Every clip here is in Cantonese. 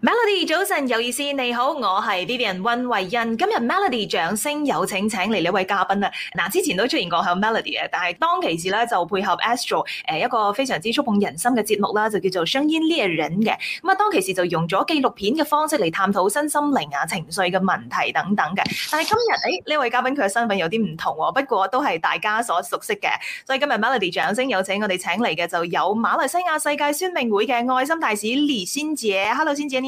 Melody 早晨有意思，你好，我係 Vivian 溫慧欣。今日 Melody 掌聲有請，請嚟呢位嘉賓啦。嗱、啊，之前都出現過響 Melody 嘅，但係當其時咧就配合 Astro 誒一個非常之觸碰人心嘅節目啦，就叫做《聲音獵人》嘅。咁啊，當其時就用咗紀錄片嘅方式嚟探討身心靈啊、情緒嘅問題等等嘅。但係今日誒呢位嘉賓佢嘅身份有啲唔同，不過都係大家所熟悉嘅。所以今日 Melody 掌聲有請我哋請嚟嘅就有馬來西亞世界宣明會嘅愛心大使李心潔。Hello，心潔。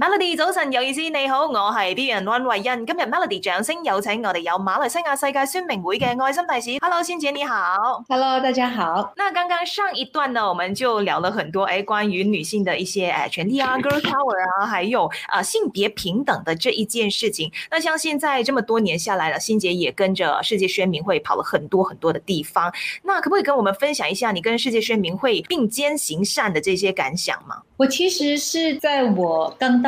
Melody 早晨有意思，你好，我係主持人溫慧欣。今日 Melody 掌聲有請我哋有馬來西亞世界宣明會嘅愛心大使，Hello，心姐你好，Hello，大家好。那剛剛上一段呢，我們就聊了很多誒、哎，關於女性的一些誒權利啊，girl power 啊，還有啊性別平等的這一件事情。那像現在這麼多年下來了，心姐也跟着世界宣明會跑了很多很多的地方。那可不可以跟我們分享一下你跟世界宣明會並肩行善的這些感想嗎？我其實是在我剛到。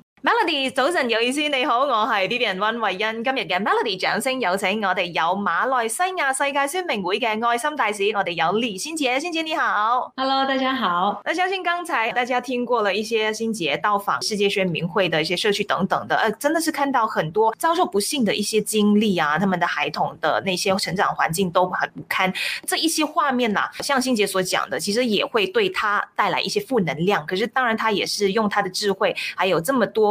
Melody，早晨有意思，你好，我係 Vivian 溫慧欣，今日嘅 Melody 掌聲有請，我哋有馬來西亞世界宣明會嘅愛心大使，我哋有李心潔，心潔你好，Hello，大家好。那相信剛才大家聽過了一些心潔到訪世界宣明會的一些社區等等的，呃，真的是看到很多遭受不幸的一些經歷啊，他們的孩童的那些成長環境都很不堪，這一些畫面啊，像心潔所講的，其實也會對他帶來一些負能量，可是當然他也是用他的智慧，還有這麼多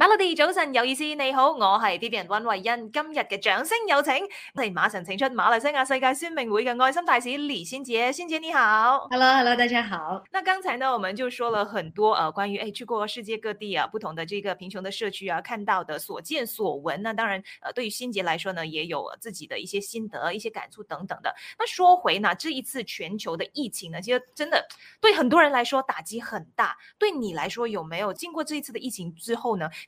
馬露迪，早晨，有意思，你好，我係 B B 人溫慧欣，今日的掌聲有請，我哋馬上請出馬來西亞世界宣明會嘅愛心大使李先傑，先傑你好，Hello，Hello，大家好。那剛才呢，我們就說了很多，呃關於誒、哎、去過世界各地啊，不同的這個貧窮的社區啊，看到的所見所聞、啊。那當然，誒、呃，對於先傑來說呢，也有自己的一些心得、一些感觸等等的。那說回呢，這一次全球的疫情呢，其實真的對很多人來說打擊很大。對你來說，有沒有經過這一次的疫情之後呢？